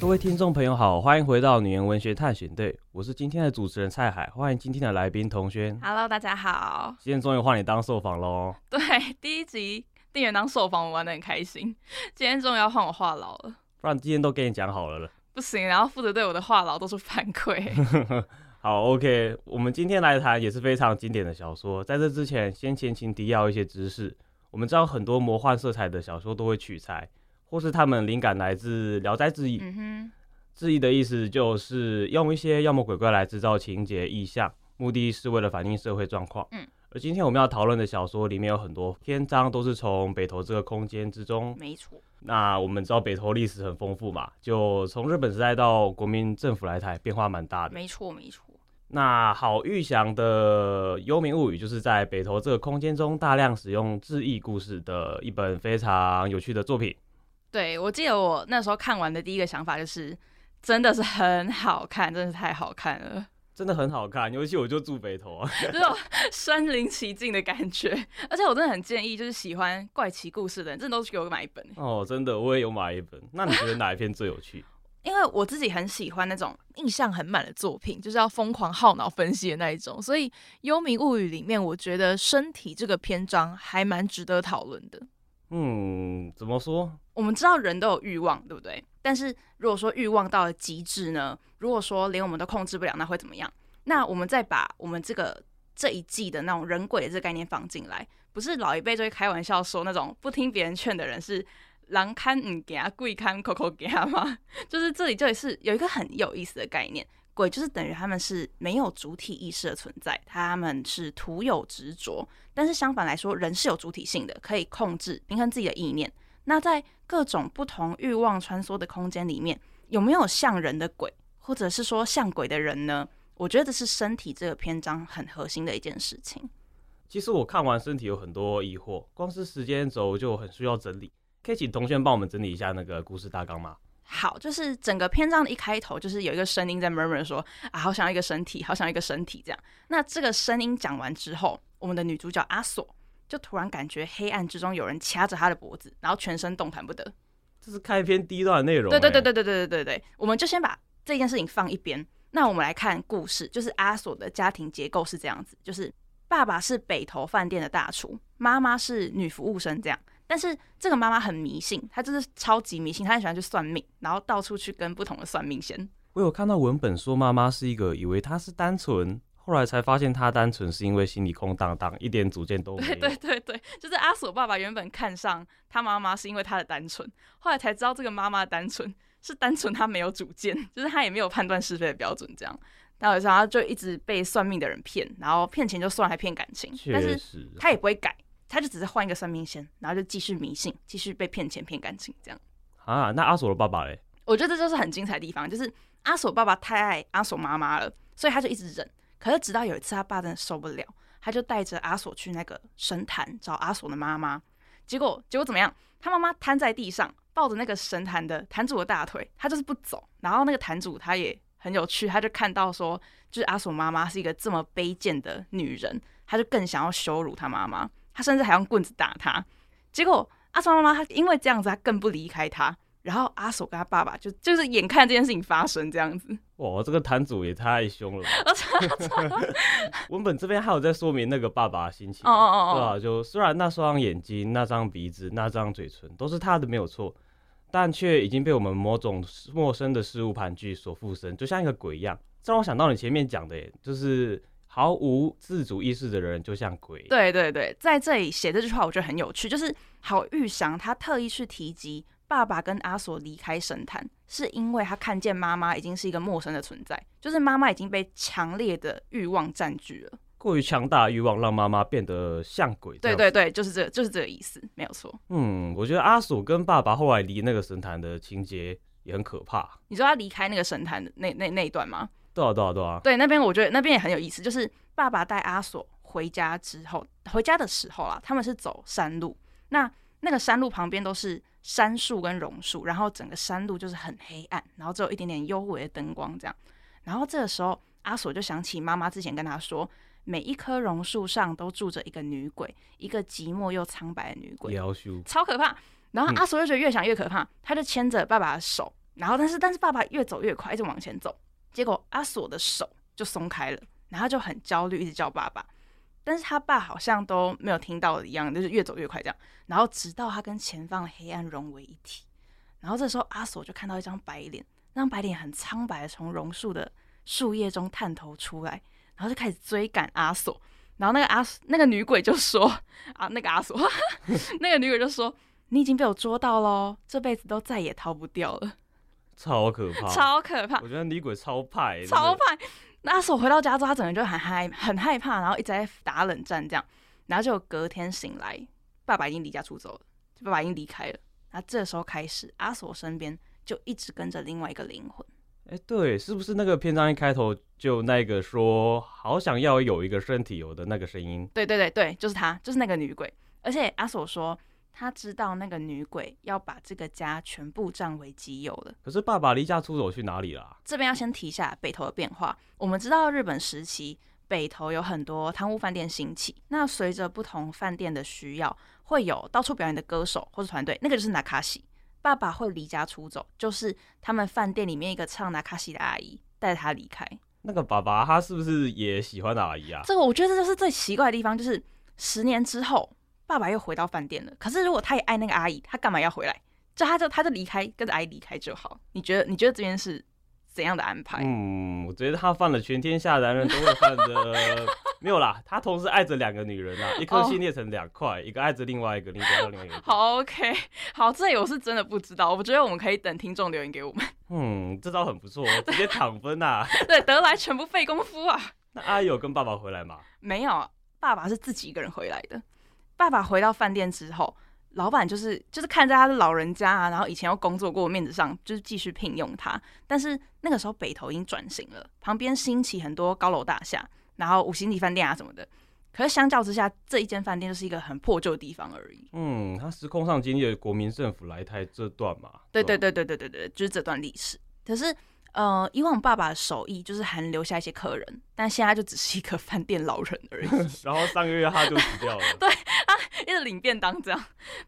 各位聽眾朋友好，歡迎回到《女研文學探險隊》，我是今天的主持人蔡海，歡迎今天的來賓彤軒。Hello，大家好。今天終於換你當受訪嘍。對，第一集店員當受訪，我玩得很開心。今天終於要換我話癆了，不然今天都給你講好了了。不行，然後負責對我的話癆都是反饋。 好，OK，我們今天來談也是非常經典的小說。在這之前，先前情提要一些知識。我們知道很多魔幻色彩的小說都會取材，或是他們靈感來自《聊齋志異》，嗯哼，志異的意思就是用一些妖魔鬼怪來製造情節意象，目的是為了反映社會狀況。嗯，而今天我們要討論的小說裡面有很多篇章都是從北投這個空間之中。沒錯。那我們知道北投歷史很豐富嘛，就從日本時代到國民政府來台，變化蠻大的。沒錯，沒錯。那郝譽翔的《幽冥物語》就是在北投這個空間中大量使用志異故事的一本非常有趣的作品。對，我記得我那時候看完的第一個想法就是，真的是很好看，真的是太好看了。真的很好看，尤其我就住北投啊，這種身臨其境的感覺。而且我真的很建議，就是喜歡怪奇故事的人，真的都去給我買一本。哦，真的，我也有買一本。那你覺得哪一篇最有趣？ 因為我自己很喜歡那種印象很滿的作品，就是要瘋狂耗腦分析的那一種。所以《幽冥物語》裡面，我覺得身體這個篇章還蠻值得討論的。嗯，怎麼說？我們知道人都有慾望，對不對？但是如果說慾望到了極致呢？如果說連我們都控制不了，那會怎麼樣？那我們再把我們這個這一季的那種人鬼的這個概念放進來，不是老一輩就會開玩笑說那種不聽別人勸的人是狼看唔驚，鬼看溜溜驚嗎？就是這裡這裡是有一個很有意思的概念。鬼就是等於他們是沒有主體意識的存在，他們是徒有執着。但是相反來說，人是有主體性的，可以控制平衡自己的意念。那在各種不同欲望穿梭的空間裡面，有沒有像人的鬼，或者是說像鬼的人呢？我覺得這是身體這個篇章很核心的一件事情。其實我看完身體有很多疑惑，光是時間軸就很需要整理。可以請同學幫我們整理一下那個故事大綱嗎？好，就是整個篇章的一開頭，就是有一個聲音在 murmuring 說啊，好想要一個身體，好想要一個身體，這樣。那這個聲音講完之後，我們的女主角阿索就突然感覺黑暗之中有人掐着她的脖子，然後全身動彈不得。這是開篇第一段的內容，欸。對對對對對對對對對。我們就先把這件事情放一邊，那我們來看故事，就是阿索的家庭結構是這樣子，就是爸爸是北投飯店的大廚，媽媽是女服務生，這樣。但是這個媽媽很迷信，她就是超級迷信，她很喜歡去算命，然後到處去跟不同的算命先。我有看到文本說，媽媽是一個以為她是單純，後來才發現她單純是因為心裡空蕩蕩，一點主見都沒有。對對對，對就是阿索爸爸原本看上她媽媽是因為她的單純，後來才知道這個媽媽的單純是單純她沒有主見，就是她也沒有判斷是非的標準。這樣，但是她就一直被算命的人騙，然後騙錢就算，還騙感情，確實。但是她也不會改。他就只是換一個算命仙，然後就繼續迷信，繼續被騙錢騙感情，這樣。啊，那阿索的爸爸呢？我覺得這就是很精彩的地方，就是阿索爸爸太愛阿索媽媽了，所以他就一直忍。可是直到有一次，他爸真的受不了，他就帶着阿索去那個神壇找阿索的媽媽。結果結果怎麼樣？他媽媽癱在地上，抱着那個神壇的壇主的大腿，他就是不走。然後那個壇主他也很有趣，他就看到說，就是阿索媽媽是一個這麼卑賤的女人，他就更想要羞辱他媽媽。他甚至還用棍子打他，結果阿爽媽媽他因為這樣子，他更不離開他。然後阿爽跟他爸爸就就是眼看這件事情發生這樣子，哇，這個攤主也太凶了。文本這邊還有在說明那個爸爸的心情，哦哦哦，對啊，就雖然那雙眼睛、那張鼻子、那張嘴唇都是他的沒有錯，但卻已經被我們某種陌生的事物盤踞所附身，就像一個鬼一樣。這讓我想到你前面講的耶，就是。毫無自主意識的人就像鬼。對對對，在這裡寫這句話，我覺得很有趣。就是郝譽翔，他特意去提及爸爸跟阿索離開神壇，是因為他看見媽媽已經是一個陌生的存在，就是媽媽已經被強烈的慾望佔據了。過於強大的慾望讓媽媽變得像鬼。對對對，就是這個，就是這個意思，沒有錯。嗯，我覺得阿索跟爸爸後來離那個神壇的情節也很可怕。你知道他離開那個神壇的那那那，那一段嗎？多少多少多少？對，那邊我覺得那邊也很有意思。就是爸爸帶阿索回家之後，回家的時候啊，他們是走山路。那那個山路旁邊都是杉樹跟榕樹，然後整個山路就是很黑暗，然後只有一點點幽微的燈光這樣。然後這個時候，阿索就想起媽媽之前跟他說，每一棵榕樹上都住着一個女鬼，一個寂寞又蒼白的女鬼，修超可怕。然後阿索又覺得越想越可怕，嗯、他就牽着爸爸的手，然後但是但是爸爸越走越快，一直往前走。結果阿索的手就鬆開了，然後就很焦慮，一直叫爸爸，但是他爸好像都沒有聽到的一樣，就是越走越快這樣，然後直到他跟前方的黑暗融為一體，然後這時候阿索就看到一張白臉，那張白臉很蒼白的從榕樹的樹葉中探頭出來，然後就開始追趕阿索，然後那個阿那個女鬼就說啊，那個阿索，哈哈，那個女鬼就說，你已經被我捉到嘍，這輩子都再也逃不掉了。超可怕！超可怕！我覺得女鬼超怕、欸，超怕。那阿索回到家之後，他整個人就很害，很害怕，然後一直在打冷戰這樣。然後就隔天醒來，爸爸已經離家出走了，就爸爸已經離開了。那這時候開始，阿索身邊就一直跟着另外一個靈魂。哎、欸，對，是不是那個篇章一開頭就那個說好想要有一個身體有的那個聲音？對對對對，就是他，就是那個女鬼。而且阿索說。他知道那個女鬼要把這個家全部占為己有了。可是爸爸離家出走去哪裡啦？啊？這邊要先提一下北投的變化。我們知道日本時期北投有很多湯屋飯店興起，那隨着不同飯店的需要，會有到處表演的歌手或者團隊，那個就是那卡西。爸爸會離家出走，就是他們飯店裡面一個唱那卡西的阿姨帶他離開。那個爸爸他是不是也喜歡的阿姨啊？這個我覺得這就是最奇怪的地方，就是十年之後。爸爸又回到飯店了。可是，如果他也愛那個阿姨，他幹嘛要回來？就他就他就離開，跟着阿姨離開就好。你覺得你覺得這邊是怎樣的安排？嗯，我覺得他犯了全天下男人都會犯的， 沒有啦，他同時愛着兩個女人啦， 一顆心裂成兩塊，oh, 一個愛着另外一個，另外一個另外一個。好 OK，好，這裡我是真的不知道。我覺得我們可以等聽眾留言給我們。嗯，這招很不錯，直接搶分吶、啊。 對，得來全不費功夫啊。 那阿姨有跟爸爸回來嗎？沒有，爸爸是自己一個人回來的。爸爸回到飯店之後，老闆就是就是看在他的老人家啊，然後以前又工作過面子上，就是繼續聘用他。但是那個時候北投已經轉型了，旁邊興起很多高樓大廈，然後五星級飯店啊什麼的。可是相較之下，這一間飯店就是一個很破舊的地方而已。嗯，他時空上經歷了國民政府來台這段嘛？對對對對對對對，就是這段歷史。可是。呃，以往爸爸的手藝就是還留下一些客人，但現在就只是一個飯店老人而已。 然後上個月他就死掉了。 對啊，他一直領便當這樣。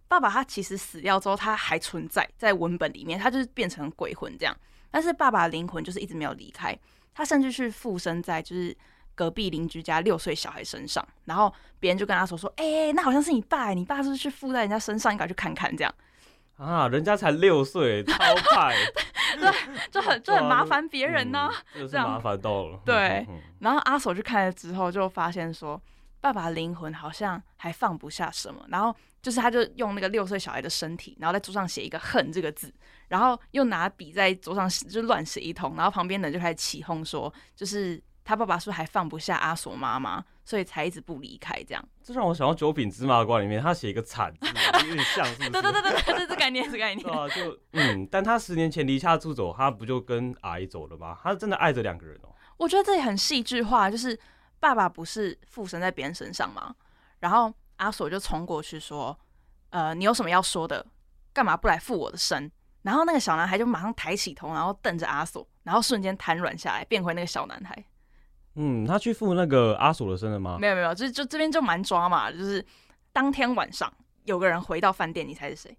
爸爸他其實死掉之後，他還存在在文本裡面，他就是變成鬼魂這樣。但是爸爸靈魂就是一直沒有離開，他甚至去附身在就是隔壁鄰居家六歲小孩身上，然後別人就跟他說說，哎、欸，那好像是你爸，你爸是不是去附在人家身上？應該去看看這樣。啊，人家才六歲，超派， 對，就很就很麻煩別人呢、啊，嗯、這樣這是麻煩到了。對，嗯、然後阿索就看了之後，就發現說，爸爸的靈魂好像還放不下什麼。然後就是，他就用那個六歲小孩的身體，然後在桌上寫一個恨這個字，然後又拿筆在桌上就亂寫一通，然後旁邊人就開始起哄說，就是他爸爸是不是還放不下阿索媽媽？所以才一直不離開，這樣。就讓我想到《九品芝麻官》裡面，他寫一個“慘”字，有點像，是不是？對對對對，這是概念，是概念。對啊，就嗯，但他十年前離家出走，他不就跟阿姨走了嗎？他真的愛着兩個人哦。我覺得這裡很戲劇化，就是爸爸不是附身在別人身上嗎？然後阿索就衝過去說：“呃，你有什麼要說的？幹嘛不來附我的身？”然後那個小男孩就馬上抬起頭，然後瞪着阿索，然後瞬間癱軟下來，變回那個小男孩。 嗯，他去附那個阿索的身了嗎？沒有沒有，就就這邊就蠻抓嘛，就是當天晚上有個人回到飯店，你猜是誰？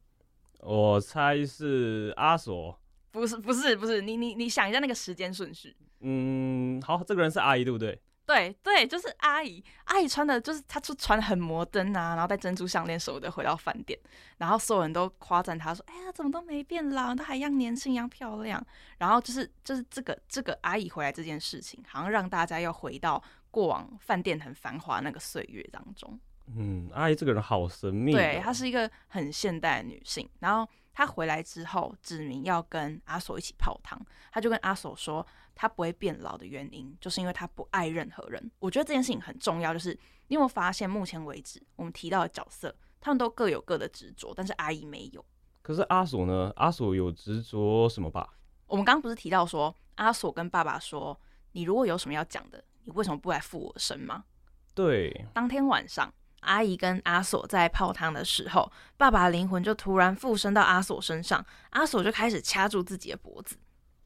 我猜是阿索。不是不是不是，你你你想一下那個時間順序。嗯，好，這個人是阿姨，對不對？對對，就是阿姨，阿姨穿的就是她就穿得很摩登啊，然後戴珍珠項鏈什麼的，回到飯店，然後所有人都誇讚她說：“哎呀，怎麼都沒變老，都還一樣年輕一樣漂亮。”然後就是就是這個這個阿姨回來這件事情，好像讓大家要回到過往飯店很繁華那個歲月當中。嗯，阿姨這個人好神秘。對，她是一個很現代的女性。然後她回來之後，指明要跟阿索一起泡湯，她就跟阿索說。他不會變老的原因，就是因為他不愛任何人。我覺得這件事情很重要，就是你有沒有發現目前為止，我們提到的角色他們都各有各的執着，但是阿姨沒有。可是阿索呢？阿索有執着什麼吧？我們剛剛不是提到說，阿索跟爸爸說：“你如果有什麼要講的，你為什麼不來附我身嗎？”對。當天晚上，阿姨跟阿索在泡湯的時候，爸爸的靈魂就突然附身到阿索身上，阿索就開始掐住自己的脖子。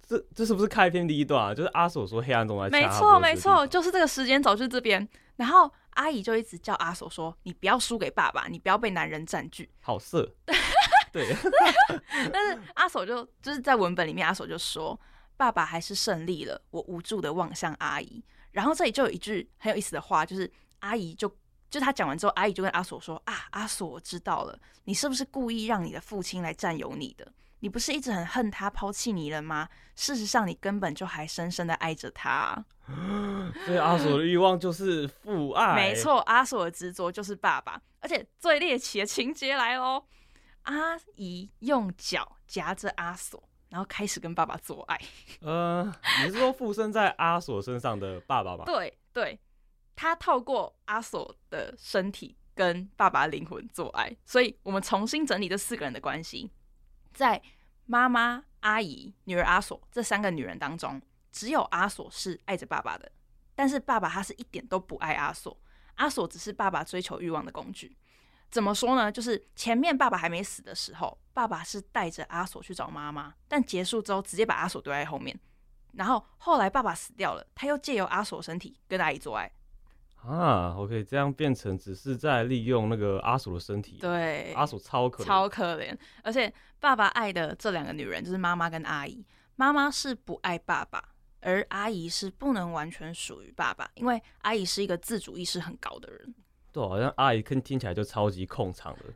這這是不是開篇第一段啊？就是阿索說黑暗中來，沒錯沒錯，就是這個時間走去這邊。然後阿姨就一直叫阿索說：“你不要輸給爸爸，你不要被男人占據。”好色， 對， 但是阿索就就是在文本裡面，阿索就說：“爸爸還是勝利了。”我無助地望向阿姨。然後這裡就有一句很有意思的話，就是阿姨就就他講完之後，阿姨就跟阿索說：“啊，阿索，我知道了，你是不是故意讓你的父親來占有你的？”你不是一直很恨他拋棄你了嗎？事實上，你根本就還深深的愛着他啊。所以阿索的欲望就是父愛， 沒錯，阿索的執着就是爸爸。而且最獵奇的情節來嘍！阿姨用腳夾着阿索，然後開始跟爸爸做愛。 呃，你是說附身在阿索身上的爸爸吧？ 對對，他透過阿索的身體，跟爸爸靈魂做愛。所以我們重新整理這四個人的關係。在媽媽、阿姨、女兒阿索這三個女人當中，只有阿索是愛着爸爸的，但是爸爸他是一點都不愛阿索，阿索只是爸爸追求慾望的工具。怎麼說呢？就是前面爸爸還沒死的時候，爸爸是帶着阿索去找媽媽，但結束之後直接把阿索丟在後面，然後後來爸爸死掉了，他又借由阿索身體跟阿姨做愛。啊，OK，這樣變成只是在利用那個阿鼠的身體。對，阿鼠超可超可憐，而且爸爸愛的這兩個女人就是媽媽跟阿姨。媽媽是不愛爸爸，而阿姨是不能完全屬於爸爸，因為阿姨是一個自主意識很高的人。對，好像阿姨聽聽起來就超級控場的，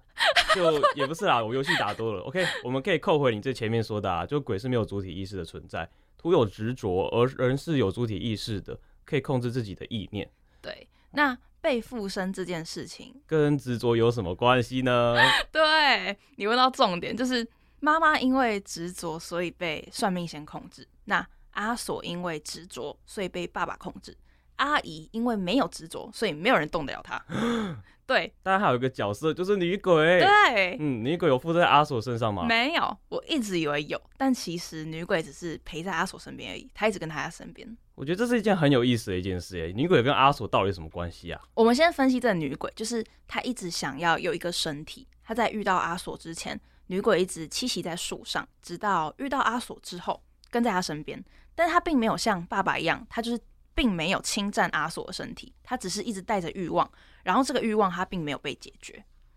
就也不是啦， 我遊戲打多了。OK，我們可以扣回你這前面說的啊，就鬼是沒有主體意識的存在，徒有執着；而人是有主體意識的，可以控制自己的意念。對。那被附身這件事情跟執着有什麼關係呢？ 對，你問到重點，就是媽媽因為執着，所以被算命先控製；那阿索因為執着，所以被爸爸控製；阿姨因為沒有執着，所以沒有人動得了她。 對，當然還有一個角色就是女鬼。對，嗯，女鬼有附在阿索身上嗎？沒有，我一直以為有，但其實女鬼只是陪在阿索身邊而已，她一直跟他在身邊。我覺得這是一件很有意思的一件事誒，女鬼跟阿索到底有什麼關係啊？我們先分析這個女鬼，就是她一直想要有一個身體。她在遇到阿索之前，女鬼一直棲息在樹上，直到遇到阿索之後，跟在他身邊。但她並沒有像爸爸一樣，她就是並沒有侵佔阿索的身體，她只是一直帶着慾望。然後這個慾望她並沒有被解決。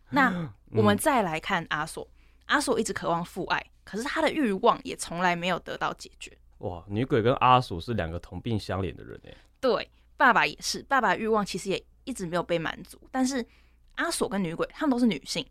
那我們再來看阿索，嗯，阿索一直渴望父愛，可是她的慾望也從來沒有得到解決。哇，女鬼跟阿索是兩個同病相憐的人哎。對，爸爸也是，爸爸的欲望其實也一直沒有被滿足。但是阿索跟女鬼，他們都是女性，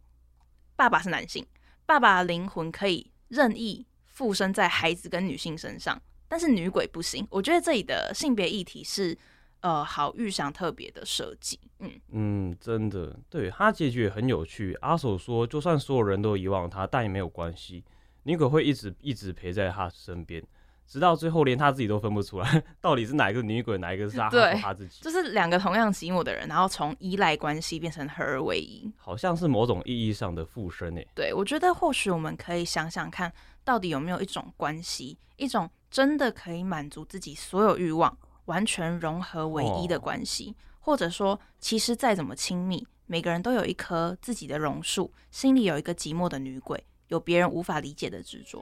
爸爸是男性，爸爸的靈魂可以任意附身在孩子跟女性身上，但是女鬼不行。我覺得這裡的性別議題是，呃，好遇上特別的設計。嗯嗯，真的，對他結局也很有趣。阿索說，就算所有人都遺忘他，但也沒有關係，女鬼會一直一直陪在他身邊。直到最後，連他自己都分不出來，到底是哪一個女鬼，哪一個是他和對他自己，就是兩個同樣寂寞的人，然後從依賴關係變成合二為一，好像是某種意義上的附身誒、欸。對，我覺得或許我們可以想想看，到底有沒有一種關係，一種真的可以滿足自己所有慾望、完全融合為一的關係，哦、或者說，其實再怎麼親密，每個人都有一棵自己的榕樹，心裡有一個寂寞的女鬼，有別人無法理解的執着。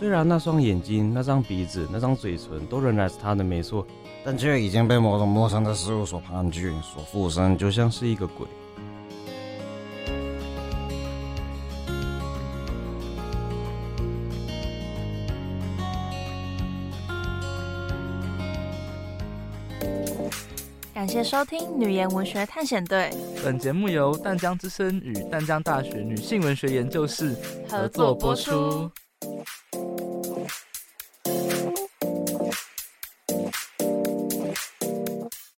雖然那雙眼睛、那張鼻子、那張嘴唇都仍然是他的，沒錯，但卻已經被某種陌生的事物所盤踞、所附身，就像是一個鬼。感謝收聽《女研文學探險隊》。本節目由淡江之聲與淡江大學女性文學研究室合作播出。